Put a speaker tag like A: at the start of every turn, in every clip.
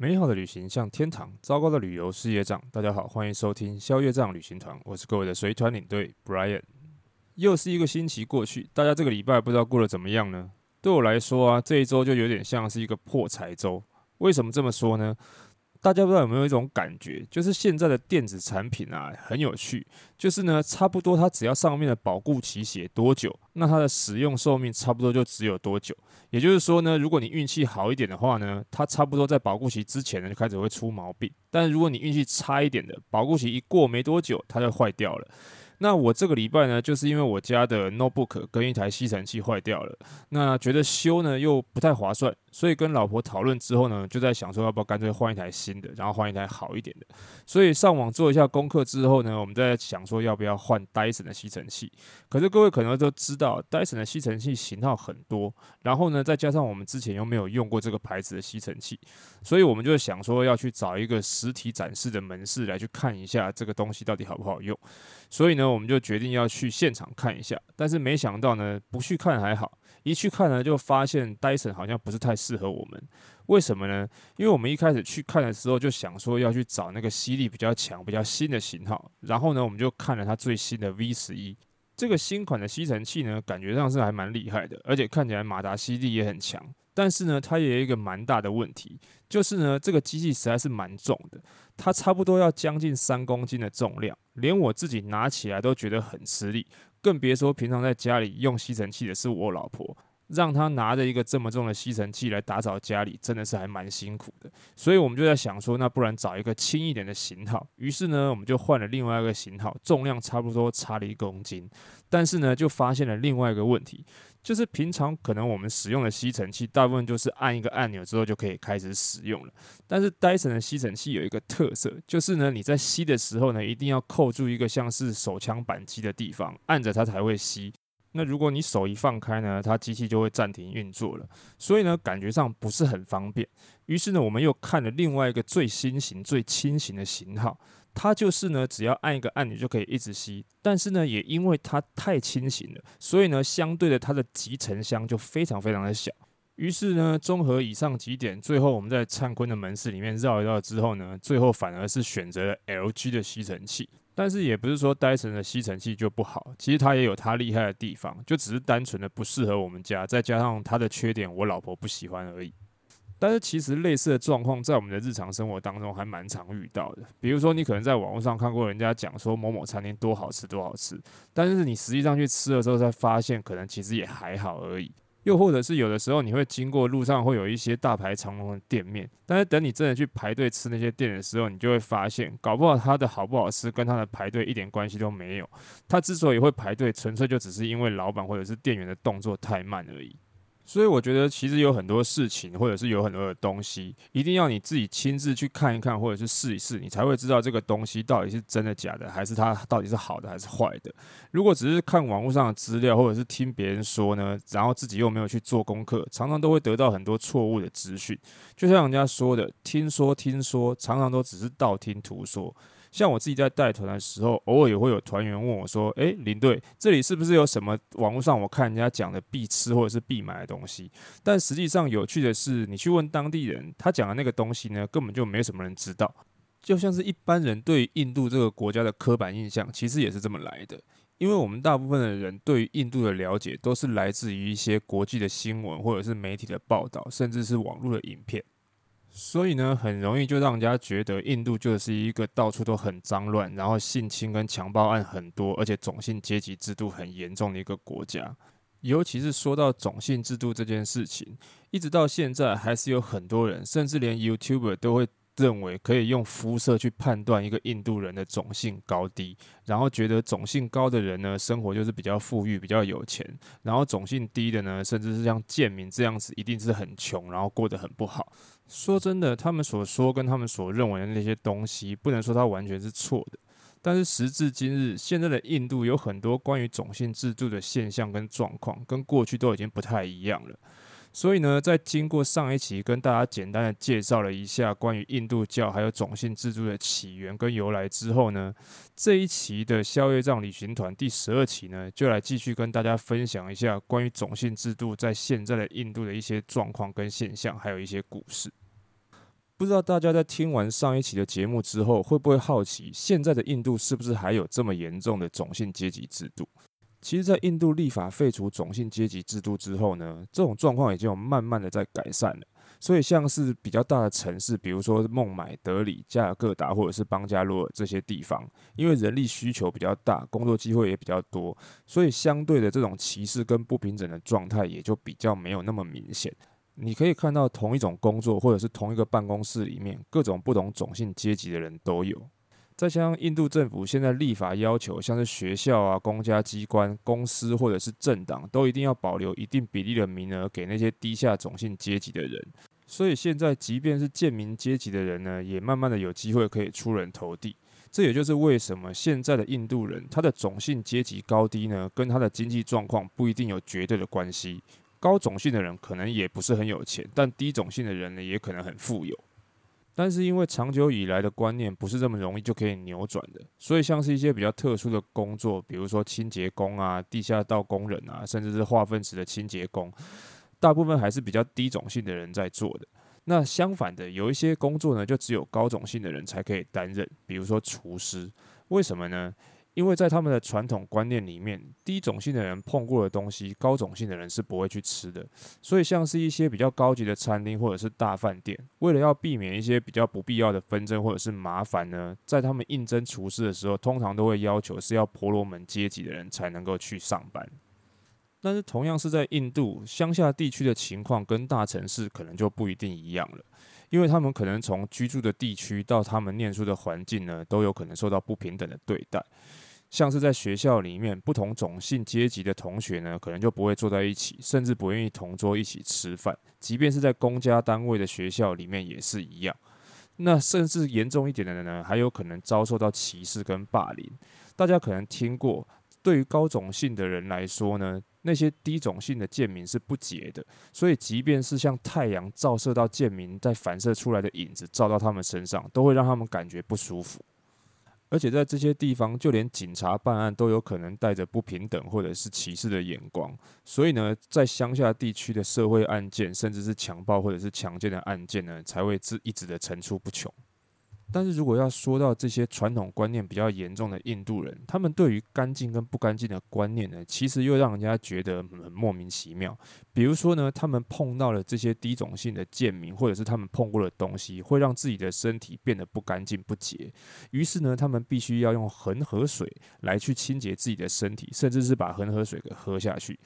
A: 美好的旅行像天堂，糟糕的旅遊是業障。大家好，歡迎收聽消業障旅行團，我是各位的隨團領隊 Brian。又是一個星期過去，大家這個禮拜不知道過得怎麼樣呢？對我來說啊，這一周就有點像是一個破財周。為什麼這麼說呢？大家不知道有沒有一種感覺，就是現在的電子產品啊，很有趣，就是呢差不多它只要上面的保固期寫多久，那它的使用壽命差不多就只有多久。也就是說呢，如果你運氣好一點的話呢，它差不多在保固期之前呢就開始會出毛病；但如果你運氣差一點的，保固期一過沒多久，它就壞掉了。那我這個禮拜呢，就是因為我家的 notebook 跟一台吸塵器壞掉了，那覺得修呢又不太划算。所以跟老婆討論之後呢，就在想說要不要乾脆換一台新的，然後換一台好一點的。所以上網做一下功課之後呢，我們在想說要不要換戴森的吸塵器。可是各位可能都知道，戴森的吸塵器型號很多，然後呢，再加上我們之前又沒有用過這個牌子的吸塵器，所以我們就想說要去找一個實體展示的門市來去看一下這個東西到底好不好用。所以呢，我們就決定要去現場看一下，但是沒想到呢，不去看還好。一去看呢，就發現 Dyson 好像不是太適合我們，為什麼呢？因為我們一開始去看的時候就想說要去找那個吸力比較強、比較新的型號，然後呢，我們就看了它最新的 V 十一這個新款的吸塵器呢，感覺上是還蠻厲害的，而且看起來馬達吸力也很強。但是呢，它也有一個蠻大的問題，就是呢，這個機器實在是蠻重的，它差不多要將近三公斤的重量，連我自己拿起來都覺得很吃力。更別說平常在家裡用吸塵器的是我老婆，讓她拿着一個這麼重的吸塵器來打掃家裡，真的是還蠻辛苦的。所以我們就在想說，那不然找一個輕一點的型號。於是呢，我們就換了另外一個型號，重量差不多差了一公斤，但是呢，就發現了另外一個問題。就是平常可能我們使用的吸塵器，大部分就是按一個按鈕之後就可以開始使用了。但是戴森的吸塵器有一個特色，就是呢，你在吸的時候呢，一定要扣住一個像是手槍扳機的地方，按着它才會吸。那如果你手一放開呢，它機器就會暫停運作了。所以呢，感覺上不是很方便。於是呢，我們又看了另外一個最新型、最輕型的型號。它就是呢，只要按一個按鈕就可以一直吸，但是呢，也因為它太輕型了，所以呢，相對的它的集塵箱就非常非常的小。於是呢，綜合以上幾點，最後我們在燦坤的門市裡面繞一繞之後呢，最後反而是選擇了 LG 的吸塵器。但是也不是說戴森的吸塵器就不好，其實它也有它厲害的地方，就只是單純的不適合我們家，再加上它的缺點，我老婆不喜歡而已。但是其實類似的狀況在我們的日常生活當中還蠻常遇到的。比如說，你可能在網絡上看過人家講說某某餐廳多好吃多好吃，但是你實際上去吃的時候才發現，可能其實也還好而已。又或者是有的時候你會經過路上會有一些大排長龍的店面，但是等你真的去排隊吃那些店的時候，你就會發現，搞不好它的好不好吃跟它的排隊一點關係都沒有。它之所以會排隊，純粹就只是因為老板或者是店員的動作太慢而已。所以我覺得，其實有很多事情，或者是有很多的東西，一定要你自己親自去看一看，或者是試一試，你才會知道這個東西到底是真的假的，還是它到底是好的還是壞的。如果只是看網絡上的資料，或者是聽別人說呢，然後自己又沒有去做功課，常常都會得到很多錯誤的資訊。就像人家說的，“聽說聽說”，常常都只是道聽途說。像我自己在帶團的時候，偶爾也會有團員問我說：“誒、欸，領隊，這裡是不是有什麼網絡上我看人家講的必吃或者是必買的東西？”但實際上，有趣的是，你去問當地人，他講的那個東西呢，根本就沒什麼人知道。就像是一般人對印度這個國家的刻板印象，其實也是這麼來的。因為我們大部分的人對於印度的了解，都是來自於一些國際的新聞或者是媒體的報道，甚至是網絡的影片。所以呢，很容易就讓人家覺得印度就是一個到處都很髒亂，然後性侵跟強暴案很多，而且種姓階級制度很嚴重的一個國家。尤其是說到種姓制度這件事情，一直到現在還是有很多人，甚至連 YouTuber 都會。認為可以用膚色去判斷一個印度人的種姓高低，然後覺得種姓高的人呢，生活就是比較富裕、比較有錢；然後種姓低的呢，甚至是像賤民這樣子，一定是很窮，然後過得很不好。說真的，他們所說跟他們所認為的那些東西，不能說它完全是錯的。但是時至今日，現在的印度有很多關於種姓制度的現象跟狀況，跟過去都已經不太一樣了。所以呢，在經過上一期跟大家簡單的介紹了一下關於印度教還有種姓制度的起源跟由來之後呢，這一期的消業障旅行團第十二期呢，就來繼續跟大家分享一下關於種姓制度在現在的印度的一些狀況跟現象，還有一些故事。不知道大家在聽完上一期的節目之後，會不會好奇現在的印度是不是還有這麼嚴重的種姓階級制度？其實，在印度立法廢除種姓階級制度之後呢，這種狀況已經有慢慢的在改善了。所以，像是比較大的城市，比如說孟買、德裡、加爾各答或者是班加羅爾這些地方，因為人力需求比較大，工作機會也比較多，所以相對的這種歧視跟不平等的狀態也就比較沒有那麼明顯。你可以看到同一種工作或者是同一個辦公室裡面，各種不同種姓階級的人都有。再加上印度政府現在立法要求，像是學校啊、公家機關、公司或者是政黨，都一定要保留一定比例的名額給那些低下種姓階級的人。所以現在，即便是賤民階級的人呢，也慢慢的有機會可以出人頭地。這也就是為什麼現在的印度人，他的種姓階級高低呢，跟他的經濟狀況不一定有絕對的關係。高種姓的人可能也不是很有錢，但低種姓的人呢，也可能很富有。但是因為長久以來的觀念不是這麼容易就可以扭轉的，所以像是一些比較特殊的工作，比如說清潔工啊、地下道工人啊，甚至是化糞池的清潔工，大部分還是比較低種姓的人在做的。那相反的，有一些工作呢，就只有高種姓的人才可以擔任，比如說廚師。為什麼呢？因為在他們的傳統觀念裡面，低種姓的人碰過的東西，高種姓的人是不會去吃的。所以，像是一些比較高級的餐廳或者是大飯店，為了要避免一些比較不必要的紛爭或者是麻煩呢，在他們應徵廚師的時候，通常都會要求是要婆羅門階級的人才能夠去上班。但是，同樣是在印度鄉下地區的情況跟大城市可能就不一定一樣了，因為他們可能從居住的地區到他們念書的環境呢，都有可能受到不平等的對待。像是在學校裡面，不同種姓階級的同學呢，可能就不會坐在一起，甚至不願意同桌一起吃飯。即便是在公家單位的學校裡面也是一樣。那甚至嚴重一點的人呢，還有可能遭受到歧視跟霸凌。大家可能聽過，對於高種姓的人來說呢，那些低種姓的賤民是不潔的。所以，即便是像太陽照射到賤民，再反射出來的影子照到他們身上，都會讓他們感覺不舒服。而且在這些地方，就連警察辦案都有可能帶着不平等或者是歧視的眼光，所以呢，在鄉下地區的社會案件，甚至是強暴或者是強姦的案件呢，才會一直的層出不窮。但是如果要說到這些傳統觀念比較嚴重的印度人，他們對於乾淨跟不乾淨的觀念呢，其實又讓人家覺得很莫名其妙。比如說呢，他們碰到了這些低種姓的賤民，或者是他們碰過的東西，會讓自己的身體變得不乾淨不潔。於是呢，他們必須要用恆河水來去清潔自己的身體，甚至是把恆河水給喝下去。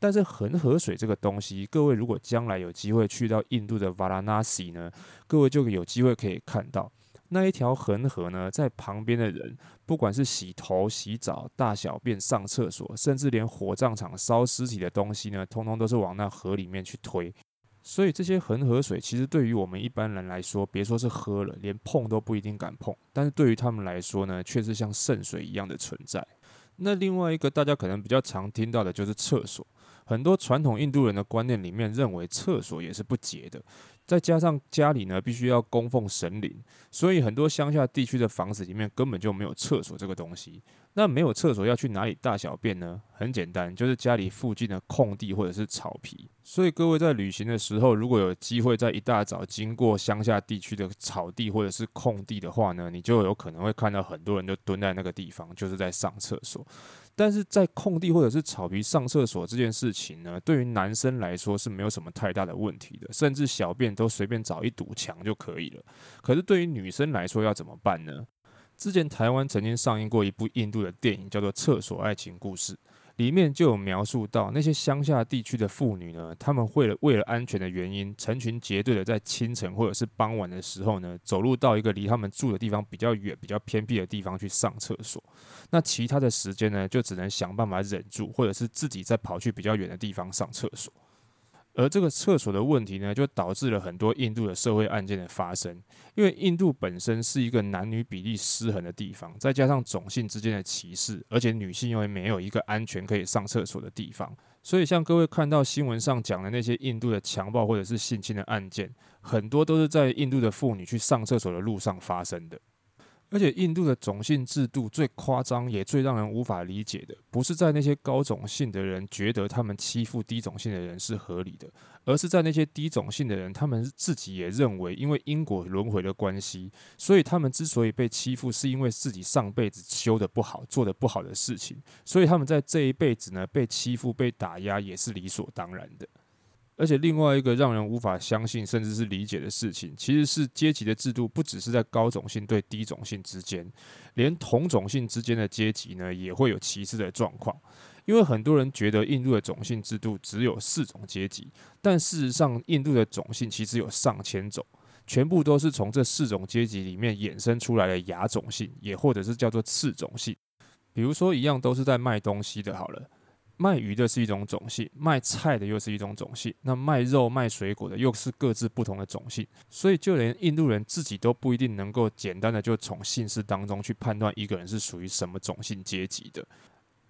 A: 但是恆河水這個東西，各位如果將來有機會去到印度的瓦拉納西呢，各位就有機會可以看到。那一條恆河呢，在旁邊的人，不管是洗頭、洗澡、大小便、上廁所，甚至連火葬場燒屍體的東西呢，通通都是往那河裡面去推。所以這些恆河水，其實對於我們一般人來說，別說是喝了，連碰都不一定敢碰。但是對於他們來說呢，卻是像聖水一樣的存在。那另外一個大家可能比較常聽到的就是廁所。很多傳統印度人的觀念裡面認為廁所也是不潔的，再加上家裡呢必須要供奉神靈，所以很多鄉下地區的房子裡面根本就沒有廁所這個東西。那沒有廁所要去哪裡大小便呢？很簡單，就是家裡附近的空地或者是草皮。所以各位在旅行的時候，如果有機會在一大早經過鄉下地區的草地或者是空地的話呢，你就有可能會看到很多人就蹲在那個地方，就是在上廁所。但是在空地或者是草皮上廁所這件事情呢，對於男生來說是沒有什麼太大的問題的，甚至小便都隨便找一堵牆就可以了。可是對於女生來說要怎麼辦呢？之前台灣曾經上映過一部印度的電影，叫做《廁所愛情故事》。裡面就有描述到那些鄉下地區的婦女呢，他們會為了，為了安全的原因，成群結隊的在清晨或者是傍晚的時候呢，走路到一個離他們住的地方比較遠、比較偏僻的地方去上廁所。那其他的時間呢，就只能想辦法忍住，或者是自己再跑去比較遠的地方上廁所。而這個廁所的問題呢，就導致了很多印度的社會案件的發生。因為印度本身是一個男女比例失衡的地方，再加上種姓之間的歧視，而且女性因為沒有一個安全可以上廁所的地方，所以像各位看到新聞上講的那些印度的強暴或者是性侵的案件，很多都是在印度的婦女去上廁所的路上發生的。而且，印度的種姓制度最誇張，也最讓人無法理解的，不是在那些高種姓的人覺得他們欺負低種姓的人是合理的，而是在那些低種姓的人，他們自己也認為，因為因果輪迴的關係，所以他們之所以被欺負，是因為自己上輩子修得不好，做得不好的事情，所以他們在這一輩子呢，被欺負、被打壓也是理所當然的。而且另外一個讓人無法相信甚至是理解的事情，其實是階級的制度不只是在高種姓對低種姓之間，連同種姓之間的階級呢也會有歧視的狀況。因為很多人覺得印度的種姓制度只有四種階級，但事實上印度的種姓其實有上千種，全部都是從這四種階級裡面衍生出來的亞種姓，也或者是叫做次種姓。比如說一樣都是在賣東西的，好了。賣魚的是一種種姓，賣菜的又是一種種姓，那賣肉、賣水果的又是各自不同的種姓，所以就連印度人自己都不一定能夠簡單的就從姓氏當中去判斷一個人是屬於什麼種姓階級的。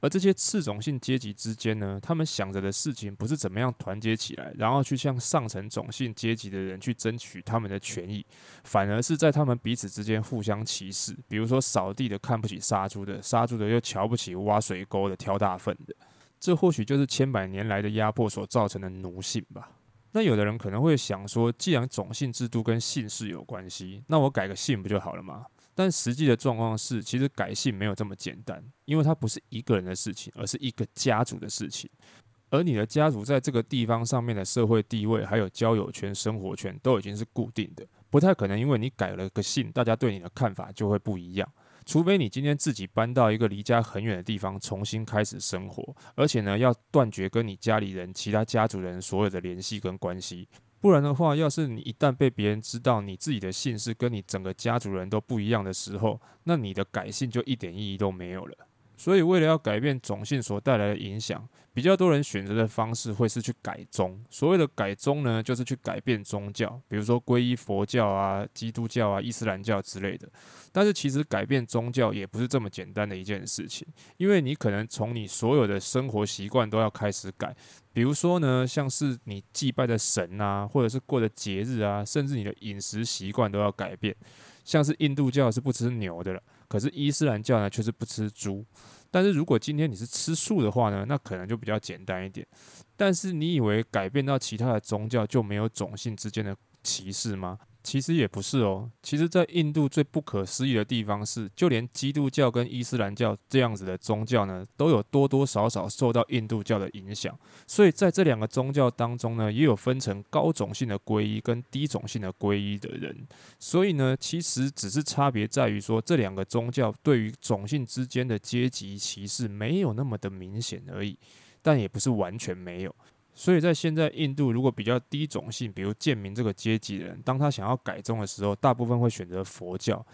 A: 而這些次種姓階級之間呢，他們想着的事情不是怎麼樣團結起來，然後去向上層種姓階級的人去爭取他們的權益，反而是在他們彼此之間互相歧視，比如說掃地的看不起殺豬的，殺豬的又瞧不起挖水溝的、挑大糞的。這或許就是千百年來的壓迫所造成的奴性吧。那有的人可能會想說，既然種姓制度跟姓氏有關係，那我改個姓不就好了嗎？但實際的狀況是，其實改姓沒有這麼簡單，因為它不是一個人的事情，而是一個家族的事情。而你的家族在這個地方上面的社會地位，還有交友圈、生活圈都已經是固定的，不太可能因為你改了個姓，大家對你的看法就會不一樣。除非你今天自己搬到一個離家很遠的地方重新開始生活，而且呢，要斷絕跟你家裡人、其他家族人所有的聯繫跟關係，不然的話，要是你一旦被別人知道你自己的姓氏跟你整個家族人都不一樣的時候，那你的改姓就一點意義都沒有了。所以，為了要改變種姓所帶來的影響。比較多人選擇的方式會是去改宗，所謂的改宗呢，就是去改變宗教，比如說皈依佛教啊、基督教啊、伊斯蘭教之類的。但是其實改變宗教也不是這麼簡單的一件事情，因為你可能從你所有的生活習慣都要開始改，比如說呢，像是你祭拜的神啊，或者是過的節日啊，甚至你的飲食習慣都要改變。像是印度教是不吃牛的了，可是伊斯蘭教呢，卻是不吃豬。但是如果今天你是吃素的話呢，那可能就比較簡單一點。但是你以為改變到其他的宗教就沒有種姓之間的歧視嗎？其實也不是哦，其實，在印度最不可思議的地方是，就連基督教跟伊斯蘭教這樣子的宗教呢，都有多多少少受到印度教的影響。所以，在這兩個宗教當中呢，也有分成高種姓的皈依跟低種姓的皈依的人。所以呢，其實只是差別在於說，這兩個宗教對於種姓之間的階級歧視沒有那麼的明顯而已，但也不是完全沒有。所以在現在印度，如果比較低種姓，比如賤民這個階級的人，當他想要改宗的時候，大部分會選擇佛教，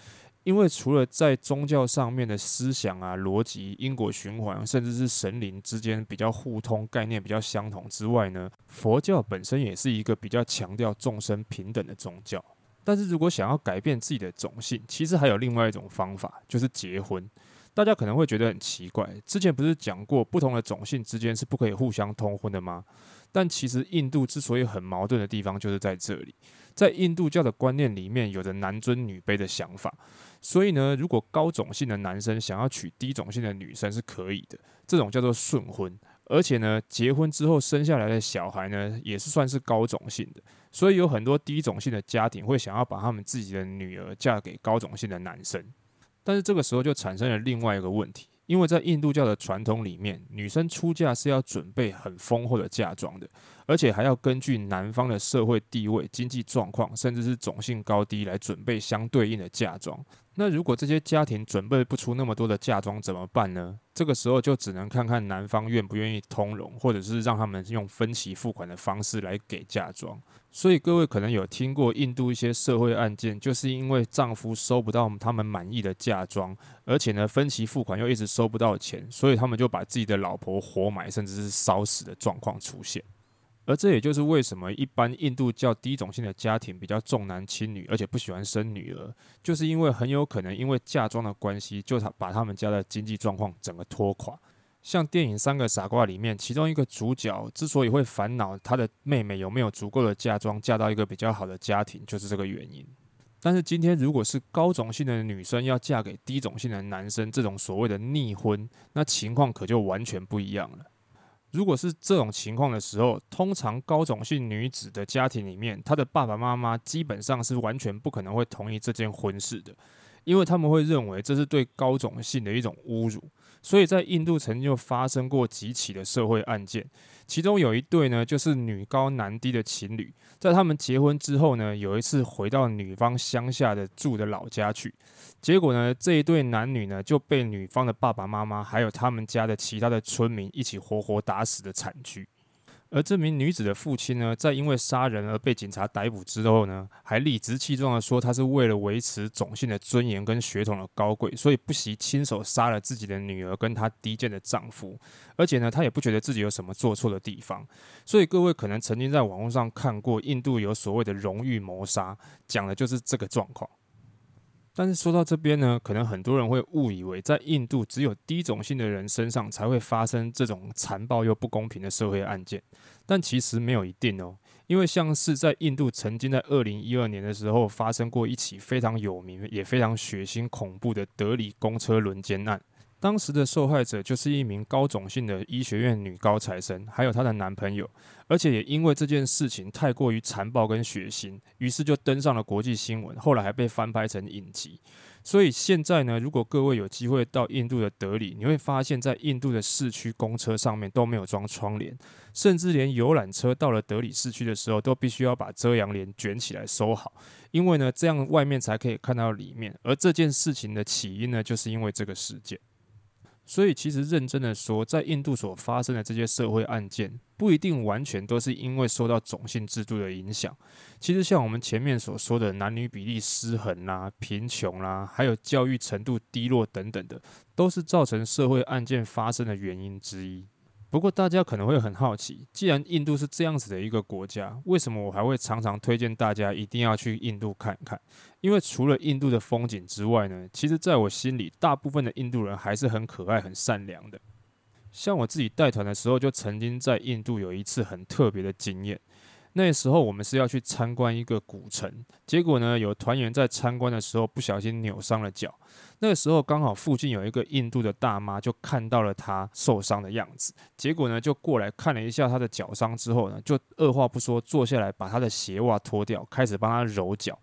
A: 因為除了在宗教上面的思想啊、邏輯、因果循環，甚至是神靈之間比較互通、概念比較相同之外呢，佛教本身也是一個比較強調眾生平等的宗教。但是如果想要改變自己的種姓，其實還有另外一種方法，就是結婚。大家可能會覺得很奇怪，之前不是講過不同的種姓之間是不可以互相通婚的嗎？但其實印度之所以很矛盾的地方就是在這裡，在印度教的觀念裡面有着男尊女卑的想法，所以呢，如果高種姓的男生想要娶低種姓的女生是可以的，這種叫做順婚，而且呢，結婚之後生下來的小孩呢也是算是高種姓的，所以有很多低種姓的家庭會想要把他們自己的女兒嫁給高種姓的男生。但是這個時候就產生了另外一個問題，因為在印度教的傳統裡面，女生出嫁是要準備很豐厚的嫁妝的，而且還要根據男方的社會地位、經濟狀況，甚至是種姓高低來準備相對應的嫁妝。那如果這些家庭準備不出那麼多的嫁妝怎麼辦呢？這個時候就只能看看男方願不願意通融，或者是讓他們用分期付款的方式來給嫁妝。所以各位可能有聽過印度一些社會案件，就是因為丈夫收不到他們滿意的嫁妝，而且呢分期付款又一直收不到錢，所以他們就把自己的老婆活埋，甚至是燒死的狀況出現。而這也就是為什麼一般印度較低種姓的家庭比較重男輕女，而且不喜歡生女兒，就是因為很有可能因為嫁妝的關係，就他把他們家的經濟狀況整個拖垮。像電影《三個傻瓜》裡面，其中一個主角之所以會煩惱他的妹妹有沒有足夠的嫁妝嫁到一個比較好的家庭，就是這個原因。但是今天，如果是高種姓的女生要嫁給低種姓的男生，這種所謂的逆婚，那情況可就完全不一樣了。如果是這種情況的時候，通常高種姓女子的家庭裡面，她的爸爸媽媽基本上是完全不可能會同意這件婚事的，因為他們會認為這是對高種姓的一種侮辱。所以在印度曾經就發生過幾起的社會案件，其中有一對呢，就是女高男低的情侶，在他們結婚之後呢，有一次回到女方鄉下的住的老家去，結果呢，這一對男女呢就被女方的爸爸媽媽還有他們家的其他的村民一起活活打死的慘劇。而這名女子的父親呢，在因為殺人而被警察逮捕之後呢，還理直氣壯地說，他是為了維持種姓的尊嚴跟血統的高貴，所以不惜親手殺了自己的女兒跟她低賤的丈夫，而且呢，他也不覺得自己有什麼做錯的地方。所以各位可能曾經在網絡上看過印度有所謂的榮譽謀殺，講的就是這個狀況。但是說到這邊呢，可能很多人會誤以為在印度只有低種姓的人身上才會發生這種殘暴又不公平的社會案件，但其實沒有一定哦、喔，因為像是在印度曾經在二零一二年的時候發生過一起非常有名也非常血腥恐怖的德里公車輪姦案。當時的受害者就是一名高種姓的醫學院女高材生，還有她的男朋友，而且也因為這件事情太過於殘暴跟血腥，於是就登上了國際新聞，後來還被翻拍成影集。所以現在呢，如果各位有機會到印度的德里，你會發現在印度的市區公車上面都沒有裝窗簾，甚至連遊覽車到了德里市區的時候，都必須要把遮陽簾捲起來收好，因為呢，這樣外面才可以看到裡面。而這件事情的起因呢，就是因為這個事件。所以，其實認真的說，在印度所發生的這些社會案件，不一定完全都是因為受到種姓制度的影響。其實，像我們前面所說的男女比例失衡啦、啊、貧窮啦、啊，還有教育程度低落等等的，都是造成社會案件發生的原因之一。不過大家可能會很好奇，既然印度是這樣子的一個國家，為什麼我還會常常推薦大家一定要去印度看看？因為除了印度的風景之外呢，其實在我心裡，大部分的印度人還是很可愛、很善良的。像我自己帶團的時候，就曾經在印度有一次很特別的經驗。那時候我們是要去參觀一個古城，結果呢，有團員在參觀的時候不小心扭傷了腳。那個時候剛好附近有一個印度的大媽，就看到了他受傷的樣子，結果呢就過來看了一下他的腳傷之後呢，就二話不說坐下來把他的鞋襪脫掉，開始幫他揉腳。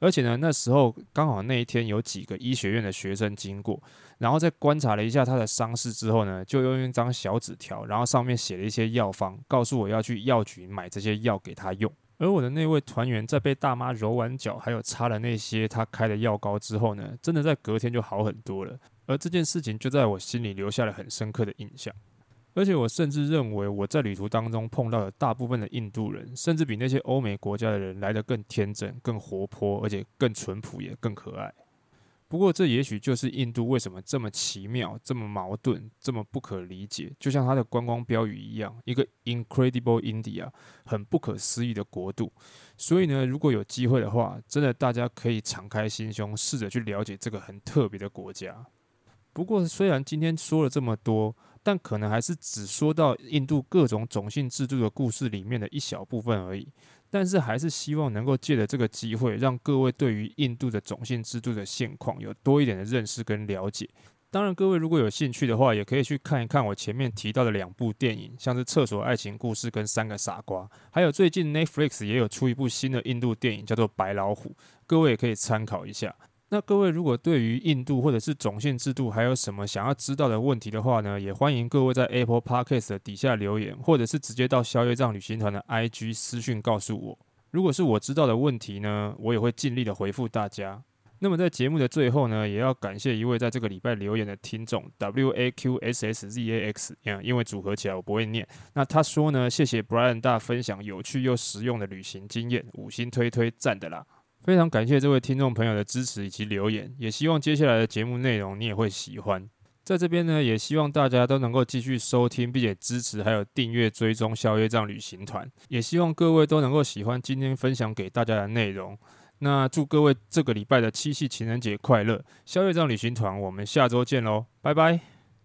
A: 而且呢，那時候剛好那一天有幾個醫學院的學生經過，然後在觀察了一下他的傷勢之後呢，就用一張小紙條，然後上面寫了一些藥方，告訴我要去藥局買這些藥給他用。而我的那位團員在被大媽揉完腳，還有擦了那些他開的藥膏之後呢，真的在隔天就好很多了。而這件事情就在我心裡留下了很深刻的印象。而且我甚至認為，我在旅途當中碰到的大部分的印度人，甚至比那些歐美國家的人來得更天真、更活潑、而且更淳樸，也更可愛。不過，這也許就是印度為什麼這麼奇妙、這麼矛盾、這麼不可理解。就像它的觀光標語一樣，“一個 incredible India”，很不可思議的國度。所以呢，如果有機會的話，真的大家可以敞開心胸，試着去了解這個很特別的國家。不過，雖然今天說了這麼多。但可能還是只說到印度各種種姓制度的故事裡面的一小部分而已。但是還是希望能夠借着這個機會，讓各位對於印度的種姓制度的現況有多一點的認識跟了解。當然，各位如果有興趣的話，也可以去看一看我前面提到的兩部電影，像是《廁所愛情故事》跟《三個傻瓜》，還有最近 Netflix 也有出一部新的印度電影，叫做《白老虎》，各位也可以參考一下。那各位如果對於印度或者是種姓制度還有什麼想要知道的問題的話呢，也歡迎各位在 Apple Podcast 的底下留言，或者是直接到消業障旅行團的 IG 私訊告訴我。如果是我知道的問題呢，我也會盡力的回覆大家。那麼在節目的最後呢，也要感謝一位在這個禮拜留言的聽眾 W A Q S S Z A X，因為組合起來我不會念。那他說呢，謝謝 Brian 大分享有趣又實用的旅行經驗，五星推推讚的啦。非常感謝這位聽眾朋友的支持以及留言，也希望接下來的節目內容你也會喜歡。在這邊呢，也希望大家都能夠繼續收聽並且支持，還有訂閱追蹤消業障旅行團。也希望各位都能夠喜歡今天分享給大家的內容。那祝各位這個禮拜的七夕情人節快樂！消業障旅行團，我們下周見嘍，拜拜。